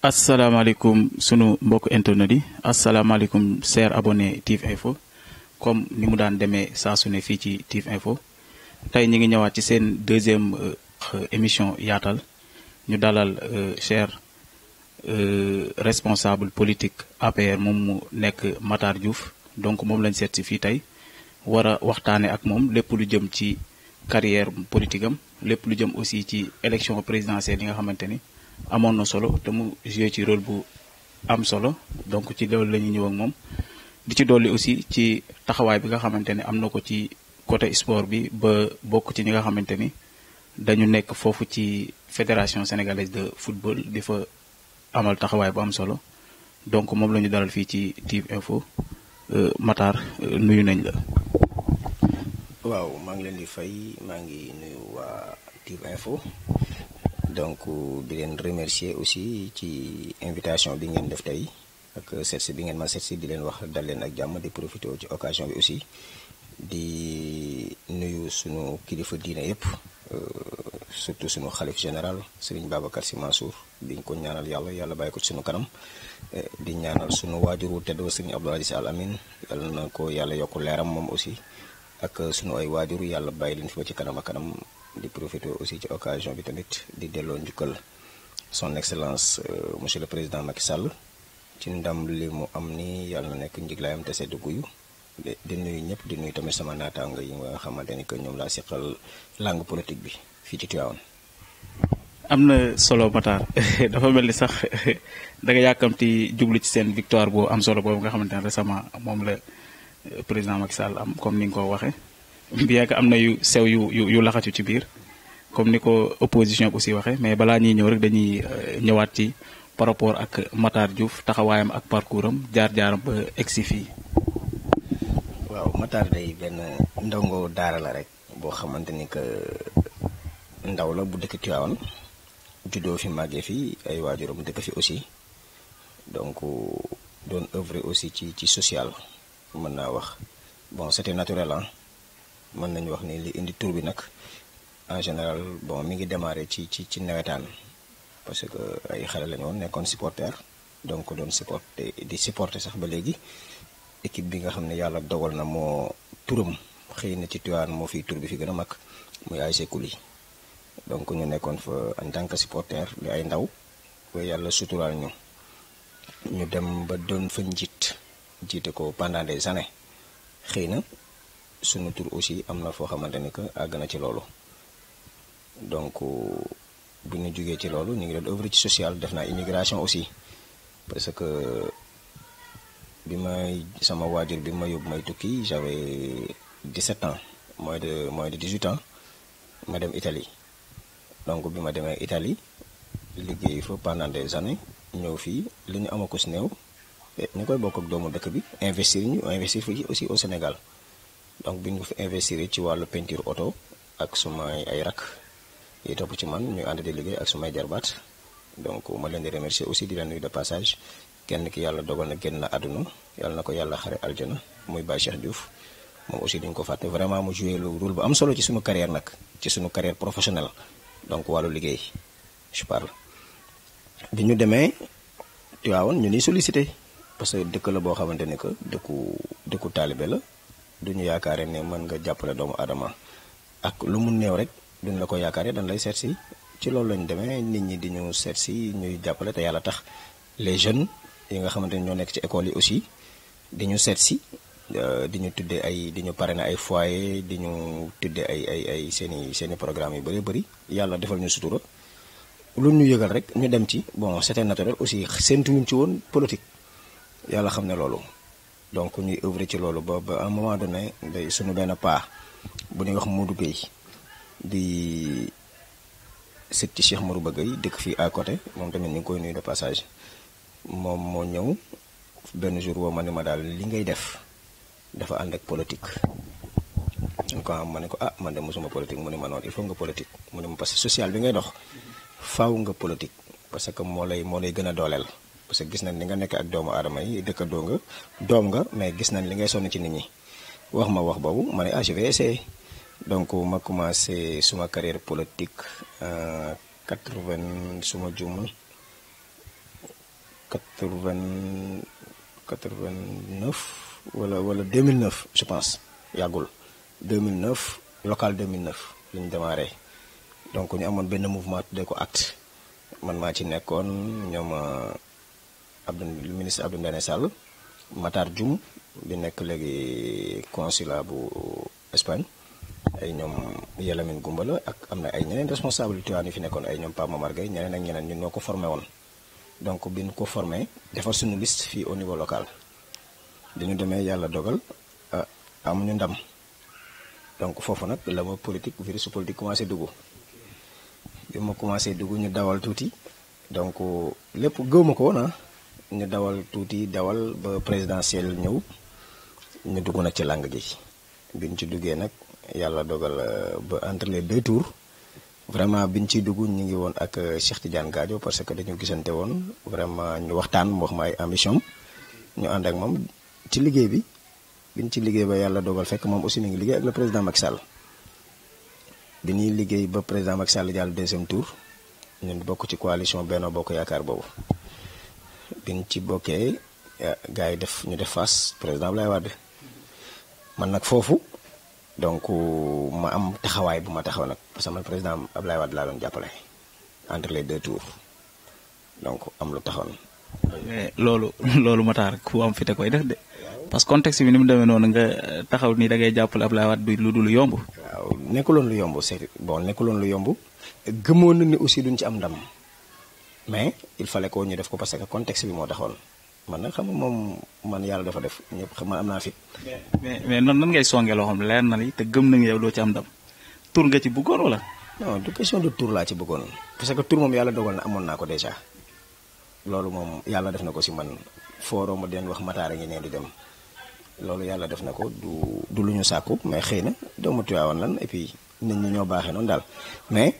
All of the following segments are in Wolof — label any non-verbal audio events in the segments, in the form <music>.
Assalamu alaikum, sunu mbok internet assalamu alaikum, chers abonné TIV Info comme ni mu daan démé saa TIV Info tay ñi deuxième euh, émission yaatal ñu euh, cher euh, responsable politique APR mom mu Matar Diouf donc mom lañ sét ci fi tay wara waxtane ak mom lépp carrière politique am lépp lu aussi ci élection présidentielle yi amoon na solo te mu joué ci rôle bu am solo donc ci loolu la ñu ñëw moom di ci dool dolli aussi ci taxawaay bi nga xamante ne am na ko ci côté sport bi ba bokk ci ñi nga xamante ni dañu nekk foofu ci fédération sénégalaise de football di fa amal taxawaay bu am solo donc moom la ñu dalal fii ci Tiv Info euh, Matar euh, nuyu nañ la. waaw maa ngi leen di fay maa ngi nuyu waa Tiv Info. donc euh, di leen remercier aussi ci invitation bi ngeen def tey ak setsi bi ngeen ma setsi di leen wax dal leen ak jàmm di profité ci occasion bi aussi di nuyu sunu kilifa diine yëpp euh, surtout sunu xalif général Serigne Babacar Sy Mansour diñ ko ñaanal yàlla yàlla bàyyi ko sunu kanam euh, di ñaanal sunu waajuru teddoo Serigne Abdoul Aziz Al Amin yàlla na ko yàlla yokk leeram moom aussi ak sunu ay waajur yàlla bàyyi leen fi ba ci kanam kanam di profiter aussi ci occasion bi tamit di delo njukkal son excellence eh, monsieur le président Macky Sall ci ndam li mu am ni yalla nek nekk te sedd guyu di nuyu ñep di nuyu tamit sama naataanga yi nga xamanteni que langue politique bi fi ci tiawon amna solo matar <laughs> dafa melni sax <laughs> da nga yàkkamti djublu ci sen victoire bo am solo bo nga xamanteni récemment mom la eh, président Macky Sall am comme ni ko bien que am na yu sew yu yu yu laxatu ci biir comme ni ko opposition aussi waxee mais balaa ñuy ñëw rek dañuy euh, ñëwaat ci par rapport ak Matar Diouf taxawaayam ak parcours am jaar-jaaram ba egsi fii. waaw Matar day benn ndaw ndongo daara la rek boo xamante ni que ndaw la bu dëkk Tivaouane juddoo fi màggee fii ay waajuram dëkk fi aussi donc euh, doon œuvre aussi ci ci social mën naa wax bon c'était naturel ah. mën nañu wax ni li indi tur bi nag en général bon mi ngi démarré ci ci ci nawetaan parce que ay xale la ñu woon nekkoon supporter donc doon supporter di supporter sax ba léegi équipe bi nga xam ne yàlla dogal na moo turam xëy na ci Tivaouane moo fi tur bi fi gën a mag muy ASC Kouly donc ñu nekkoon fa en tant di ay ndaw ba yàlla suturaal ñu ñu dem ba doon fa njiit jiite ko pendant des années xëy na sunu tur aussi am na foo xamante ni que àgg na ci loolu donc bu ñu jógee ci loolu ñu ngi doon œuvre ci social def naa immigration aussi parce que bi may sama waajur bi ma yóbbu may tukki j'avais 17 ans moins de moins de 18 ans ma dem Italie donc bi ma demee Italie liggéey fa pendant des années ñëw fii li ñu ama ko si ñu koy bokk ak doomu dëkk bi investir ñu investir fi fii aussi au Sénégal donc bi ñu ko fi investir ci wàllu peinture oto ak sumay ay rak yi topp ci man ñu ànd di liggéey ak sumay jarbaat donc ma leen di remercier aussi di leen nuyu de passage kenn ki yàlla dogal na génn na àdduna yàlla na ko yàlla xare aljana muy Baye Cheikh Diouf moom aussi duñ ko fàtte vraiment mu joué lu rôle bu am solo ci suñu carrière nag ci suñu carrière professionnelle donc wàllu liggéey je parle bi ñu demee waawoon ñu ni sollicité parce que dëkk la boo xamante ne que dëkku dëkku taalibe la du ñu yaakaare ne mën nga jàppale doomu aadama ak lu mun néew rek duñ la ko yaakaare dañ lay seet ci loolu lañu demee nit ñi di ñu seet si ñuy jàppale te yàlla tax les jeunes yi nga xamante ni ñoo nekk ci école yi aussi di ñu seet si euh, di ñu tuddee ay di ñu na ay foyer di ñu tuddee ay ay ay seeni seeni programme yu bëri bëri yàlla defal ñu sutura lu ñu yëgal rek ñu dem ci bon c'était naturel aussi séntuwuñ ci woon politique yàlla xam ne loolu donc ñuy œuvre ci loolu ba ba un moment donné day suñu benn paax bu ñuy wax Modou Gueye di sët ci Cheikh Ba Gueye dëkk fii à côté moom tamit ñu ngi koy nuyu de passage moom moo ñëw benn jour woo ma ne ma daal li ngay def dafa ànd ak politique ñu ko am ma ne ko ah man de mosuma politique mu ne ma noonu il faut nga politique mu ne ma parce que social bi ngay dox faaw nga politique parce que moo lay moo lay gën a dooleel parce que gis nañ li nga nek ak doomu adama yi do nga dom nga mais gis nañ li ngay sonn ci nit ñi wax ma wax boobu mané ah je vais essayer donc ma commencé suma carrière politique euh, 80 suma jumu 80 89 wala wala 2009 je pense yagul 2009 local 2009 lañ démarré donc ñu amone ben mouvement de ko acte man ma ci nekkone ñoma euh, Abdou ministre Abdou Ndane Sall Matar djum bi nek legui consulat bu Espagne ay ñom Yalamin gumbalo ak amna ay ñeneen responsable Tivaouane yu fi nekkon ay ñom Pape Momar Gueye ñeneen ak ñeneen ñun ñoko ko formé won donc biñ ko formé defal suñu liste fi au niveau local dañu démé yalla dogal ah, am ñu ndam donc fofu nak la mo politique virus politique commencé duggu bima commencé duggu ñu dawal tuti donc lepp gëw won ko ah. ñu dawal tuuti dawal ba présidentielle ñëw ñu dugg nag ci làng gi biñ ci duggee nag yàlla dogal euh, ba entre les deux tours vraiment biñ ciy dugg ñu ngi woon ak euh, Cheikh Tidiane Gadio parce que dañu gisante woon vraiment ñu waxtaan mu wax ma ay ñu ànd ak moom ci liggéey bi biñ ci liggéey ba yàlla dogal fekk moom aussi mi ngi liggéey ak le président Macky Sall bi ñuy liggéey ba président Macky Sall jàll deuxième tour ñu bokk ci coalition Benno Bokk Yaakaar boobu. biñ ci bokkee ya, gaay def ñu def face président lay wadé man nak fofu donc ma am taxaway bu ma taxaw nak parce que man président Abdoulaye wad la doon jappalé entre les deux tours donc am lu eh, lolu lolu mata rek ku am te koy def de parce que contexte bi ni mu non nga taxaw ni da ngay jàppale Abdoulaye du lu dul yomb nekulon lu yomb bon nekulon lu yomb gëmon ni aussi duñ ci am ndam mais il fallait ko ñu def ko parce que contexte bi mo taxone man nag xam mom man yalla dafa def ñep xam amna fi mais mais non nan ngay songé loo xam na li te gëm na nga yow do ci am dam tour nga ci bëggoon wala non du question de tour la ci bëggoon parce que tour mom yalla dogal na amon nako déjà lolu mom yalla def nako ci man foro ma den wax mataara ngi nee dem lolu yalla def nako du du luñu ñu mais xeyna do mu tuyaawoon lan et puis nit ñi ñoo baxé non dal mais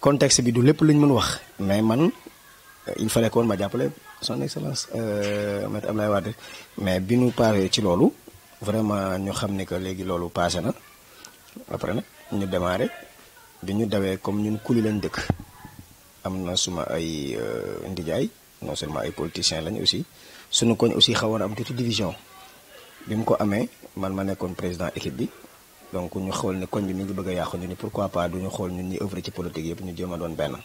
contexte bi du lepp lañ mën wax mais man il fallait qu'on ma son excellence euh, maître Abdoulaye Wade mais bi nous parler ci lolu vraiment ñu xamné que légui lolu passé na après nag ñu démarrer bi ñu dawee comme ñun kuli lañ dëkk amna suma ay euh, ndijaay non seulement ay politiciens lañ aussi suñu koñ aussi xawon am toute division bimu ko amé man ma nekkoon président équipe bi donc ñu xool ne koñ bi mi ngi bëgg a ni pourquoi pas duñu xol ñun ñi œuvrer ci politique yëpp ñu jëma a doon benn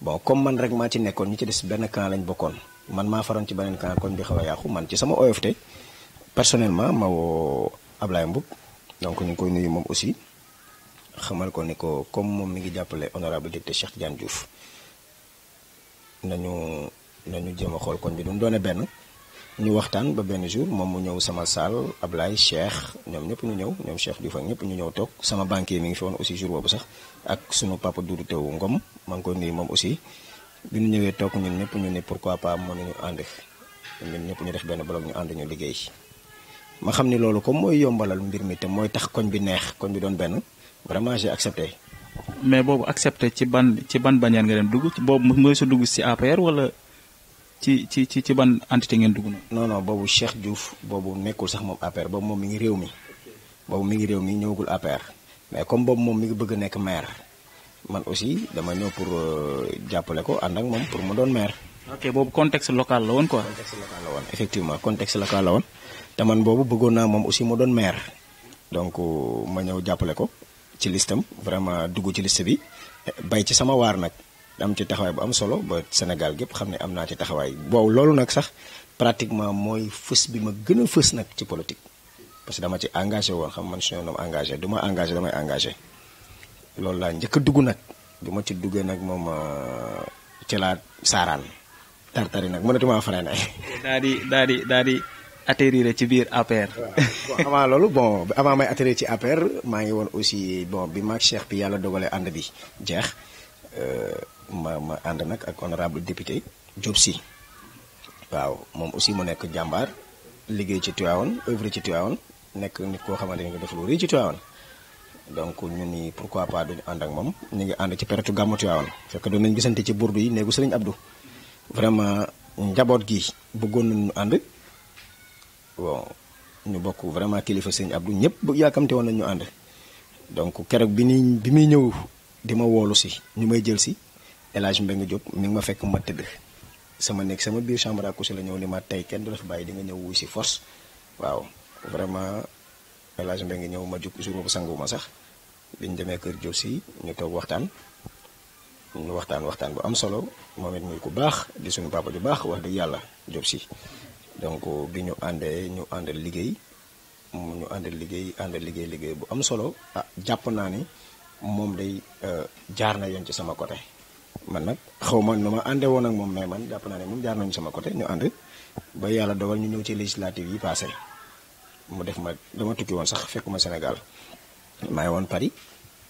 bon comme man rek maa ci nekkoon ñi ci des benn camp lañ bokkoon man maa faroon ci beneen camp koñ bi xaw a yàqu man ci sama OFT personnellement ma woo Ablaye Mboub donc ñu ngi koy nuyu moom aussi xamal ko ni ko comme moom mi ngi jàppale honorable député Cheikh Tidiane Diouf nañu nañu jéem a xool koñ bi duñ doone benn ñu waxtaan ba benn jour moom mu ñëw sama salle ablay Cheikh ñoom ñëpp ñu ñëw ñoom Cheikh Diouf ak ñëpp ñu ñëw toog sama banquier mi ngi fi woon aussi jour boobu sax ak sunu papa Doudou Tew Ngom ma ngi koy nuyu moom aussi bi ñu ñëwee toog ñun ñëpp ñu ne pourquoi pas mën mënuñu ànd ñun ñëpp ñu def benn blog ñu ànd ñu liggéey ma xam ni loolu comme mooy yombalal mbir mi te mooy tax koñ bi neex koñ bi doon benn vraiment j'ai accepté mais boobu accepté ci ban ci ban bannière nga dem dugg boobu mooy sa dugg si APR wala ci ci ci ci ban entité ngeen dugg noonu. non boobu Cheikh Diouf boobu nekkul sax moom APR boobu moom mi ngi réew mi boobu mi ngi réew mi ñëwagul APR mais comme boobu moom mi ngi bëgg a nekk maire man aussi dama ñëw pour euh, jàppale ko ànd ak moom pour mu doon maire. ok boobu contexte local la woon ko contexte local la woon effectivement woon te man boobu bëggoon naa moom aussi mu doon maire donc euh, ma ñëw jàppale ko ci listam vraiment dugg ci liste bi bay ci sama waar nag. am ci taxaway bu am solo ba Senegal gep xamni amna am ci taxaway bo lolou nak sax pratiquement moy fës bi ma gëna a nak ci politique parce que dama ci engagé won xam man suñu dama engagé duma engagé damay engagé lolou la ñëk a nak nag ma ci duggé nak mom euh, ci la saaraan tartari nak mënatuma freiné <laughs> daal dadi dadi di atterrir ci bir APR. avant bon avant may atterrir ci APR ma ngi won aussi bon bi Cheikh bi yalla dogalé and bi jeex Eh, ma ma and nak ak honorable député job si waaw mom aussi mo nek jambar liggéey ci Tivaouane œuvre ci Tivaouane nek nit ko xamanteni nga def lu ri ci Tivaouane donc ñu ni pourquoi pas duñu and ak mom ñu ngi and ci pertu gamu Tivaouane fekk do nañu gisante ci bourdou yi negu Serigne Abdou vraiment njabot gi bëggoon nañu and bon ñu bokku vraiment kilifa Serigne Abdou ñepp yakamte won nañ ñu ànd donc kérok bi ni bi mi ñew di ma woolu si ñu may jël ci elage mbeng diop mi ngi ma fekk ma tëdd sama nek sama biir chambre akusi la ñew ni ma tay kenn do la fi di nga ñew wuy si force waaw vraiment elage mbeng ñew ma juk jour boobu sangu ma sax biñ démé kër diop ci ñu tok waxtaan ñu waxtaan waxtaan bu am solo momit muy ku bax di suñu papa ju bax wax de yalla diop ci donc biñu andé ñu andal liggéey ñu andal liggéey andal liggéey liggéey bu am solo ah japp moom day euh, jaar na yoon ci sama côté man nag xaw ma nu ma àndee woon ak moom mais man jàpp naa ne moom jaar nañu sama côté ñu ànd ba yàlla dogal ñu ñëw ci législative yi passé mu def ma dama tukki woon sax fekkuma Sénégal maa ngi woon Paris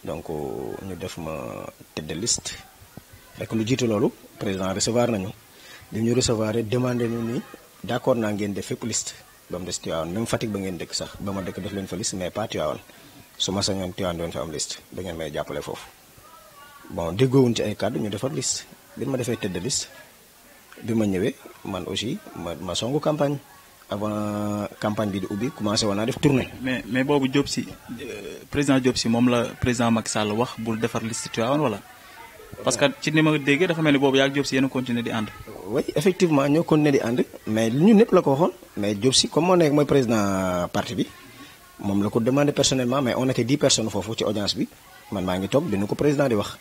donc euh, ñu def ma tête de liste fekk lu jiitu loolu président recevoir nañu li ñu recevoir demandé ñu ni d' accord naa ngeen def fépp liste ba mu des Tivaouane même Fatick ba ngeen dëkk sax ba ma dëkk def leen fa liste mais pas suma sa sañoon Tivaouane doon fa am liste da ngeen may jàppale foofu bon wuñ ci ay kàddu ñu defar liste bi ma defee tëdd liste bi ma ñëwee man aussi ma ma songu campagne avant campagne bi di ubbi commencé woon naa def tournée. mais mais boobu Diop si eh, président Diop si moom la président Macky Sall wax bul defar liste Tivaouane wala. parce que ci ni ma déggee dafa mel ni boobu yaa Diop si yéen a continuer di ànd. oui effectivement ñoo continuer di ànd mais ñun ñëpp la ko waxoon mais Diop si comme moo nekk mooy président parti bi mom la ko demander personnellement mais on était 10 personnes fofu ci audience bi man ma ngi tok dina ko président di wax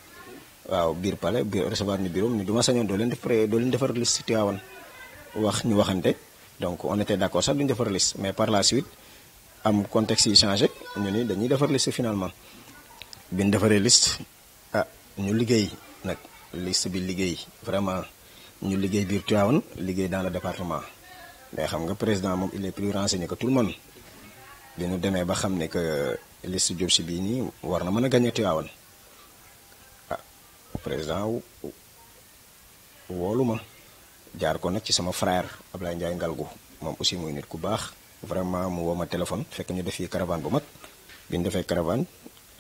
waaw bir palais bir recevoir ni bureau ni duma sañon do len leen def doo leen defar liste Tivaouane wax ñu waxante donc on était d'accord ça duñ duñu defar liste mais par la suite am contexte yi changer ñu ni dañuy defar liste finalement biñ defare liste ah ñu liggéey nak liste bi liggéey vraiment ñu liggéey bir tiawan liggéey dans le département mais xam nga président mom il est plus renseigné que tout le monde dañu démé ba xamné que liste Diop ci bi ni war na mëna a tiawal ah, président jaar ko nak ci sama frère Ablaye Ndiaye Ngalgu mom aussi moy nit ku bax vraiment mu woma téléphone fekk ñu def fii caravane bu mat bi ñu caravane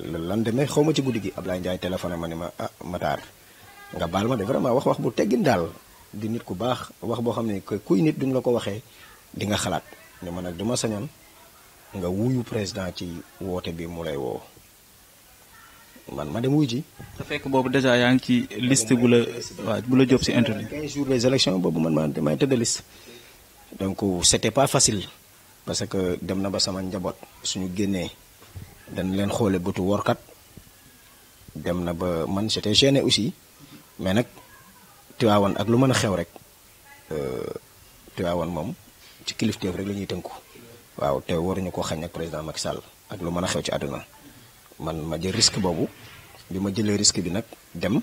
le lendemain xawma ma ci gi Ndiaye ma ah Matar nga baal ma de vraiment wax wax bu teggin daal di nit ku bax wax bo xamné kuy nit duñ la ko waxé di nga xalat ma duma sañon nga wuyu président ci wote bi mu lay wo man ma dem wuy ji te fekk bobu dèjà yaa ci liste bu la wa bu la job ci interview 15 jours des élections bobu man ma dama tëdd liste donc c'était pas facile parce que dem na ba sama njabot suñu génnee dañ leen xoole bëtu workat dem na ba man c'était gêné aussi mais nak tiwawon ak lu meuna xew rek euh tiwawon mom ci kilifteef rek lañuy teunkou waaw te waruñu ko xañ ak président Macky Sall ak lu mëna a xew ci aduna man ma jël risque bobu bima ma risque bi nak dem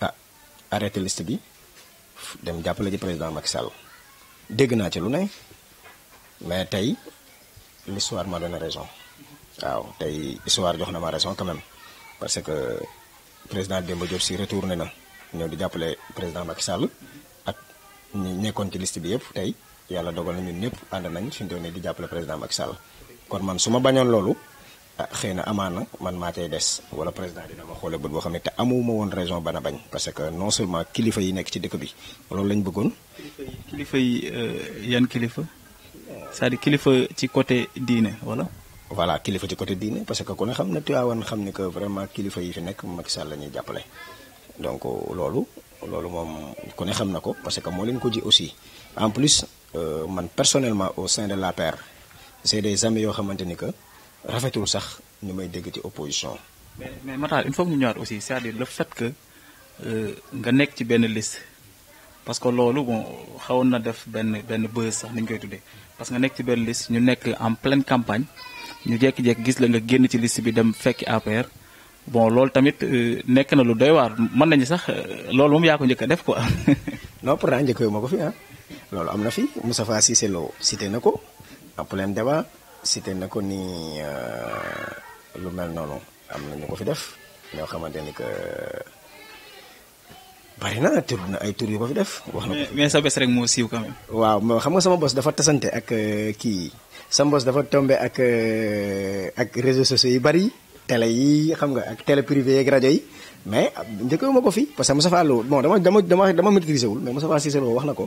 ah arrêté liste bi dem jappalé ci président Macky Sall dégg naa ci lu né mais tey l'histoire m'a donné raison waaw tay histoire jox na ma raison quand même parce que président Demba Diop si retourné na ñeu di jappalé président Macky Sall ak ñi nekkoon ci liste bi yépp tay yalla dogal na ñepp and nañ fi mu di jàppale président Macky Sall kon man suma bañoon ah man ma tay des wala président dina ma xolé bët bo xam té te amuma woon raison bana bañ parce que non seulement kilifa yi nekk ci dëkk bi lolu lañ bëggoon. kilifa yi euh, yan kilifa c'est-à-dire kilifa ci côté diiné wala. voilà kilifa ci côté diiné parce que ku ne xam tu Tivaouane xam ni que vraiment kilifa yi fi nekk Macky Sall lañuy jappalé donc lolu lolu mom ku ne xam parce que mo leen ko ji aussi en plus. Euh, man personnellement au sein de la paire c'est des amis yoo xamante ni que rafetul sax ñu may dégg ci opposition. mais mais une fois faut ñu ñëwaat aussi c'est-à-dire le fait que euh, nga nekk ci benn liste parce que loolu bon xawoon na def benn benn buzz sax ni ñu koy tuddee parce que nga nekk ci benn liste ñu nekk en pleine campagne ñu jékki-jékki gis la nga génn ci liste bi dem fekki APR. bon loolu tamit euh, nekk na lu doy waar mën nañu sax loolu moom yaa ko njëkk a def quoi. <laughs> non pourtant njëkkee ma ko fi ah. loolu am na fi Moustapha Cissé Lo cité na ko en leen débat cité na ko ni euh, lu mel noonu am na ñu ko fi def ñoo xamante ni que euh, bari na tur na ay tur yu ko fi def. wax na mais sa bés rek moo siiw quand même. waaw xam nga sama bos dafa tasante ak euh, kii sa mbos dafa tombé ak ak réseaux sociaux yu bari télé yi xam nga ak télé privé yeeg rajo yi mais njëkkee ma ko fi parce que Moustapha Lo bon dama dama dama dama maîtriser wul mais Moustapha Cissé Lo wax na ko.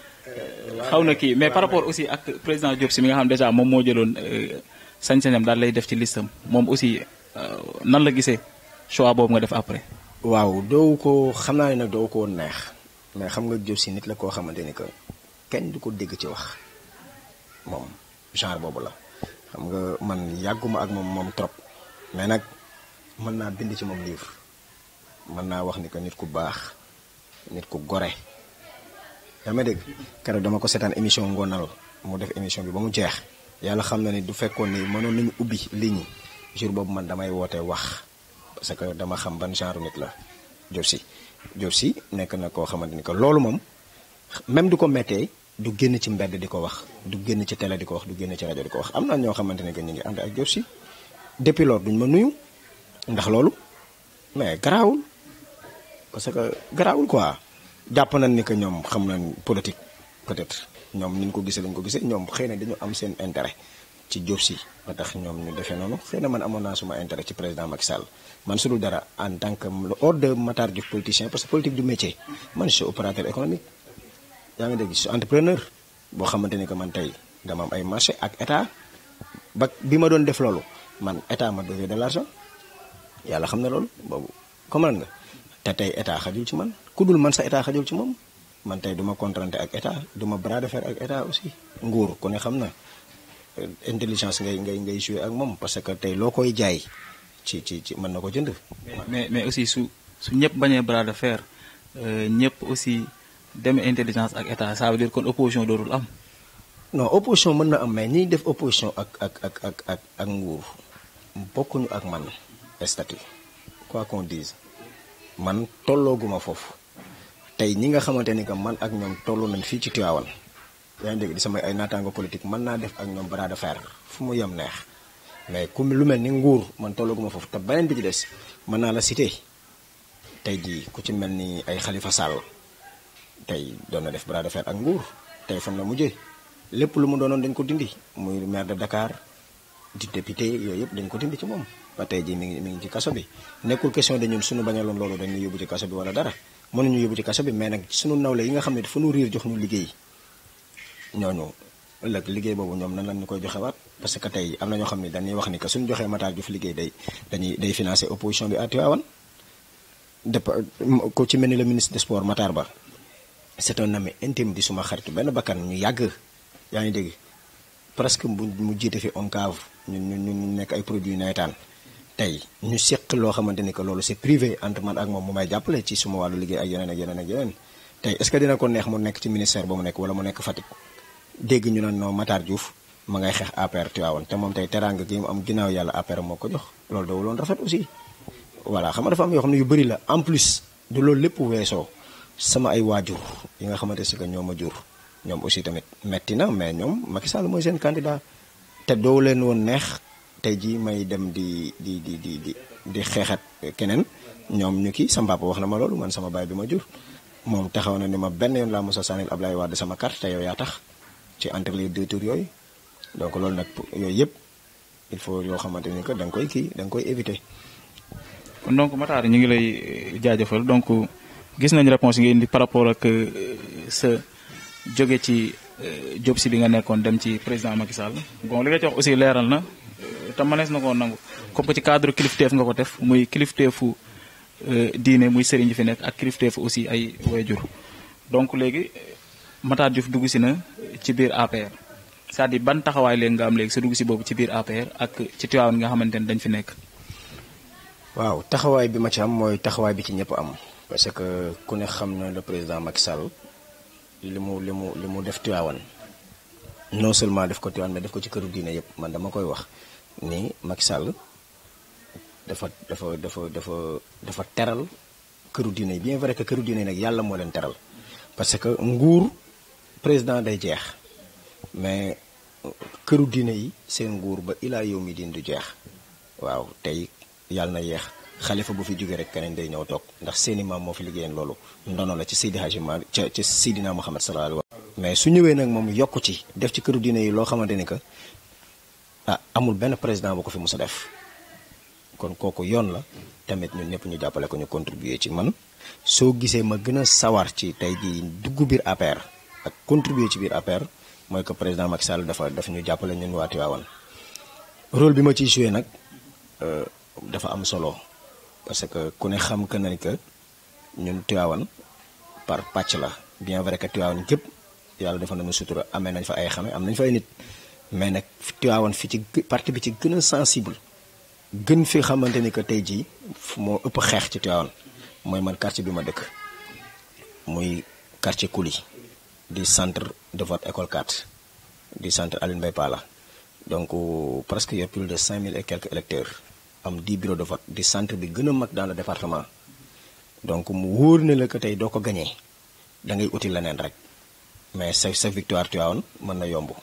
xaw na kii mais par rapport aussi ak président Diop si mi nga xam déjà moom moo jëloon euh, sañ-sañam daal lay def ci listam moom aussi euh, nan la gisee choix boobu nga def après. waaw doo ko xam naa ne nag doo ko neex mais xam nga Diop si nit la koo xamante ni que kenn du ko dégg ci wax moom genre boobu la xam nga man yàgguma ak moom moom trop mais nag mën naa bind ci moom livre mën naa wax ni que nit ku baax nit ku gore. yaa ma dégg keroog dama ko seetaan émission ngoonal mu def émission bi ba mu jeex yàlla xam na ni du fekkoon ni mënoon nañu ubbi ligne jour boobu man damay woote wax parce que dama xam ban genre nit la Diop Sy Diop Sy nekk na koo xamante ni que loolu moom même du ko méttee du génn ci mbedd di ko wax du génn ci télé di ko wax du génn ci rajo di ko wax am na ñoo xamante ne que ñu ngi ànd ak Diop Sy depuis loolu duñ ma nuyu ndax loolu mais garaawul parce que garaawul quoi japp nañ ni que ñom xam nañ politique peut-être ñom ni ñu ko gisse lañ ko gisse ñom xeyna dañu am seen intérêt ci Diop Sy ba tax ñom ñu defé nonu xeyna man amona suma intérêt ci président Macky Sall man sulu dara en tant que le hors de Matar du politicien parce que politique du métier man je suis opérateur économique ya nga dégg je entrepreneur bo xamanteni ni que man tay dama am ay marché ak état ba bima doon def lolu man état ma devait de l'argent yalla xamna lolu bobu comment nga te tey état xadi ci man ku dul man sa état xajul ci moom man tey du ma contranté ak état du ma bras de fer ak état aussi. nguur ku ne xam na euh, intelligence ngay ngay ngay joué ak moom parce que tey loo koy jaay ci ci ci mën na ko jënd. mais mais aussi su su ñëpp bañee bras de fer euh, ñëpp aussi demee intelligence ak état ça veut dire kon opposition dootul am. non opposition mën na am mais ñuy def opposition ak ak ak ak ak ak nguur bokkuñu ak man statut quoi qu'on dise man tollooguma foofu tay ñi nga xamanteni ko man ak ñom tollu nañ fi ci Tivaouane yaa ndeg di sama ay natango politique man na def ak ñom bras de fer fu mu yam neex mais ku lu mel ni nguur man guma fofu ta benen bi ci dess man na la cité tay di ku ci melni ay Khalifa Sall tay doon na def bras de fer ak nguur tay fan la mujjé lepp lu mu doonoon dañ ko dindi muy maire de Dakar di député yooyu yëpp dañ ko dindi ci mom ba tay ji mi ngi ci kasso bi nekul question de ñun suñu bañalon lolu dañ ñu yobu ci kasso bi wala dara mënuñu yóbbu ci kaso bi mais nag sunu nawle yi nga xam ne dafa nu riir jox ñu liggéey ñooñu ëllëg liggéey boobu ñoom nan la ñu koy joxe joxewaat parce que tey am na ñoo xam ne dañuy wax ni que suñu joxee Matar Diouf liggéey day day financé opposition bi à Tivaouane dëpp ko ci mel ni le ministre des sports Matar Ba c'est un ami intime di suma xaritu benn bakkan ñu yàgg yaa ngi dégg presque mu jiite fi ONCAV ñun ñu nekk ay produits nawetaan tey ñu seq loo xamante ni que loolu c'est privé entre man ak moom mu may jàppale ci suma wàllu liggéey ak yeneen ak yeneen tey est dina ko neex mu nekk ci ministère ba mu nekk wala mu nekk Fatick dégg ñu naan noo Matar Diouf ma ngay xeex APR Tivaouane te moom tey teraanga gi mu am ginnaaw yàlla APR moo ko jox loolu dawuloon rafet aussi voilà xam nga am yoo xam ne yu bëri la en plus du loolu lépp weesoo sama ay waajur yi nga xamante si tayji may dem di di di di di di kenen ñom ñu ki sama papa wax na ma lolu man sama bay bi ma jur mom taxaw na ni ma ben yon la musa a ablay wad sama carte yow ya tax ci entre les deux tours yoy donc lolu nak yoy yep il faut yo xamanteni ko dang koy ki dang koy éviter. kon donc Matar ñi ngi lay euh, donc gis nañ réponse par rapport ak ce euh, joggé ci job euh, si bi nga nekkon dem ci président Macky Sall bon li nga ci aussi leeral na te manees na koo nangu comme que ci cadre kilifteef nga ko def muy kilifteefu eh, diine muy sëriñ ji fi nekk ak kilifteefu aussi ay wayjur donc léegi dugg si na ci biir APR cest à ban taxawaay léegi nga am léegi sa dugg si boobu ci biir APR ak ci Tivaouane nga xamante dañ fi waaw bi ma ci am mooy taxawaay bi ci ñëpp am parce que ku ne xam le président Macky Sall li mu li def Tivaouane non seulement def ko Tivaouane mais def ko ci këru diine yëpp man dama koy wax ne Macky Sall dafa dafa dafa dafa dafa teral këru diine bien vrai que këru diine nag yàlla moo leen teral parce que nguur président day jeex mais këru diine yi seen nguur ba ilaa yow mi diin du jeex waaw tey yàlla na yeex xalifa bu fi jógee rek keneen day ñëw toog ndax seeni maam moo fi liggéeyan loolu ndono la ci Seydi Hadji Malick ca ca Seydina Muhammad sallallahu alayhi mais su ñëwee nag moom yokku ci def ci këru diine yi loo xamante ni Ah, amul ben président bu ko fi musa def kon koko yon la tamit ñun ñep ñu jappalé ko ñu contribuer ci man so gisé ma gëna a sawar ci tay ji dugg bir APR ak contribuer ci bir APR moy ko président Macky Sall dafa daf ñu jappalé ñun waa Tivaouane rôle bima ci jouer nak euh dafa am solo parce que ku ne xam que nañ que ñun par patch la bien vrai que Tivaouane ñep yalla defal na sutura amé nañ fa ay xamé am nañ fa ay nit mais nak tiwaawoon fi ci parti bi ci gëna sensible gën fi xamanteni ko tay ji mo moo ëpp xeex ci tiwaawoon moy man quartier bi ma dëkk muy quartier Kuli di centre de vote école 4 di centre Aline Mbaye Pala donc euh, presque y a plus de 5000 et quelques électeurs am 10 bureaux de vote di centre bi gëna mag dans le département donc mu wóor na la que tey doo ko gañee da ngay outil lenen rek mais sa victoire tiwaawoon man na yombu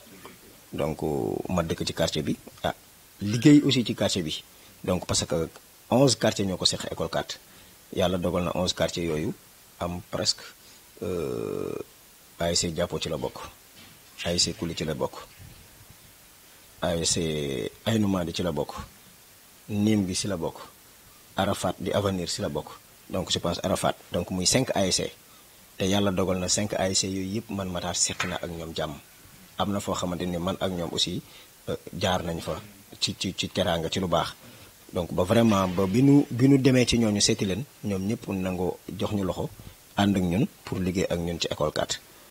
donc ma dëkk ci quartier bi ah liggéey aussi ci quartier bi donc parce que onze quartiers ñoo ko seq école 4 yàlla dogal na 11 quartiers yooyu am presque euh, ASC jàppoo ci la bokk ASC Kuli ci la bokk ASC Aynu Madi ci la bokk Nim bi ci la bokk Arafat di avenir ci la bokk donc je pense Arafat donc muy cinq ASC te yàlla dogal na 5 ASC yooyu yëpp man Matar seq na ak ñoom jàmm. am na foo xamante ni man ak ñoom aussi euh, jaar nañ fa ci ci ci teraanga ci lu baax donc ba vraiment ba bi nu bi nu demee ci ñooñu seeti leen ñoom ñëpp nangoo jox ñu loxo ànd ak ñun pour liggéey ak ñun ci école 4